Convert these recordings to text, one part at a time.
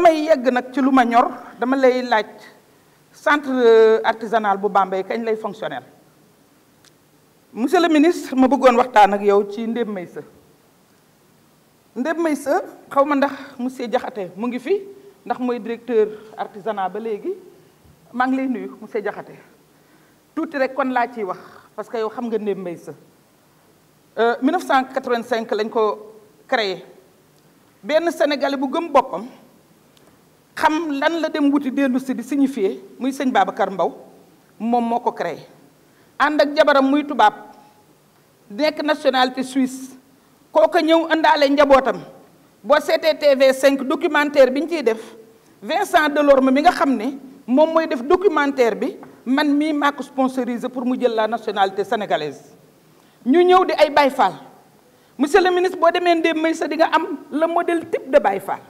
may yegg nag ci lu ma ñor dama lay laaj centre euh, artisanal bu Bambey kañ lay fonctionnel monsieur le ministre ma bëggoon waxtaan ak yow ci Ndéb sa Ndéb sa xaw ma ndax monsieur Diakhaté mu ngi fi ndax mooy directeur artisanat ba léegi maa ngi lay nuyu monsieur Diakhaté tuuti rek kon laa ciy wax parce que yow xam nga Ndéb euh, 1985 lañ ko créé benn sénégalais bu gëm boppam xam lan la dem wuti dellu si di signifié muy sëñ Babacar Mbaw mom moko ko créé ànd ak jabaram muy tubab nekk nationalité suisse kooka ñëw indaale njabootam boo seetee 5 documentaire biñ ciy def Vincent Delorme mi nga xamné ne moy def documentaire bi man mi mako sponsoriser sponsorisé pour mu jël la nationalité sénégalaise ñu ñëw di ay Baye Fall monsieur le ministre boo demee may sa di nga am le modèle type de Baye Fall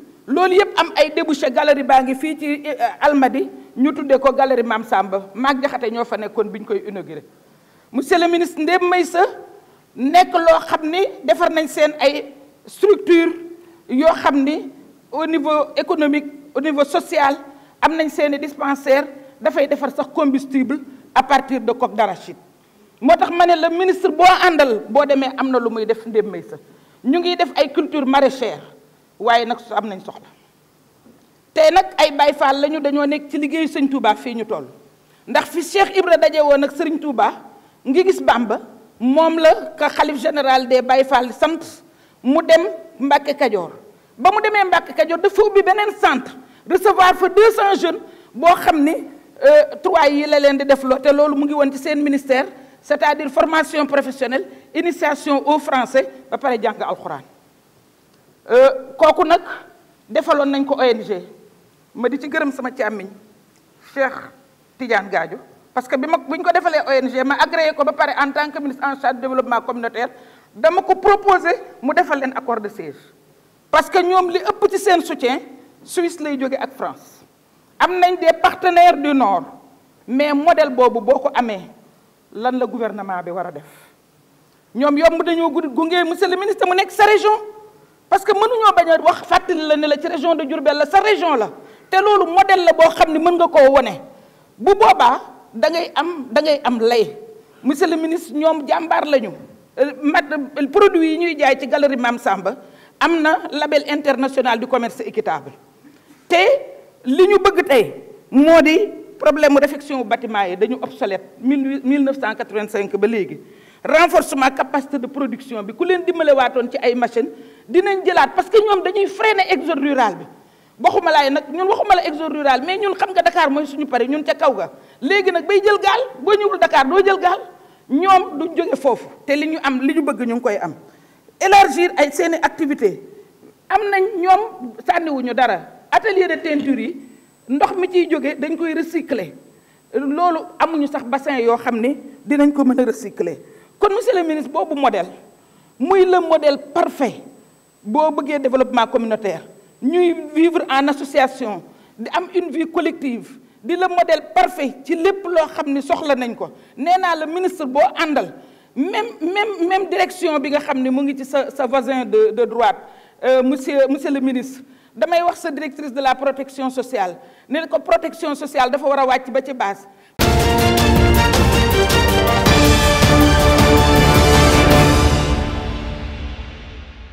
loolu yep am ay débouché galerie bangi fi ci euh, Almadi ñu tuddé ko galerie mam Samba maag jaxate ño fa nekkoon biñ koy inaugurer monsieur le ministre Ndem Meïssa nekk loo xam ni defar nañ seen ay structure yo xamni au niveau économique au niveau social am nañ seen dispensaire da fay défar sax combustible à partir de coque d'arachide motax mané le ministre bo andal bo démé amna lu muy def Ndem Meïssa ñu ngi def ay culture maraîchère waye nak am nañ soxla té nak ay baye fall lañu dañu nek ci liggéeyu sëñ Touba fii ñu toll ndax fi Cheikh Ibra dajé won nak sëriñ Touba ngi gis Bamba mom la ka Khalif général des baye fall sant mu dem Mbàkke kadior ba mu démé Mbàkke kadior dafa ubbi benen centre recevoir fa 200 jeunes bo xam euh trois yi la leen di def lo té lolu mu ngi won ci sen ministère c'est-à-dire formation professionnelle initiation au français ba paré jàng alcorane Euh, kooku nag defaloon nañ ko ONG ma di ci gërëm sama càmmiñ Cheikh Tidiane gaajo parce que bi ma bu ñu ko defalee ONG ma agréé ko ba pare en tant que ministre en charge développement communautaire dama ko proposé mu defal leen accord de siège parce que ñoom li ëpp ci seen soutien Suisse lay jóge ak France am nañ des partenaires du Nord mais modèle boobu boo ko amee lan la gouvernement bi war a def ñoom yomb dañoo gungee monsieur le ministre mu nekk sa région parce que mënuñoo bañ a wax fàttali la région de Diourbel la sa région la te modèle la boo xam ne mën nga koo wone bu boobaa da ngay am da ngay am lay monsieur le ministre nous sommes lañu euh, mat euh, produit yi ñuy jaay ci galerie Mame Samba am un label international du commerce équitable ce li ñu bëgg tey moo le problème réfection bâtiment yi dañu obsolète 1985 neuf renforcement capacité de production bi ku leen dimbalé waatoon ci ay machine dinañ jëlat parce que ñom dañuy freiner exode rural bi waxuma lay nak ñun waxuma la exode rural mais ñun xam nga Dakar moy suñu pari ñun ca kaw ga léegi nag bay jël gal bo ñuul Dakar do jël gal ñom du joggé fofu té li ñu am li ñu bëgg ñu koy am élargir ay seeni activité am nañ ñom sanni wuñu dara atelier de teinture yi ndox mi ci joggé dañ koy recycler lolu amuñu sax bassin yo xamné dinañ ko mëna recycler kon monsieur le ministre boobu modèle muy le modèle parfait bo bëggee développement communautaire ñuy vivre en association di am une vie collective di le modèle parfait ci lepp lo xamni soxla nañ ko Néna le ministre bo Andal, même même même direction bi nga xamni ngi ci sa voisin de de droite euh, monsieur monsieur le ministre damay wax sa directrice de la protection sociale ne ko protection sociale dafa war a wàcc ba ci base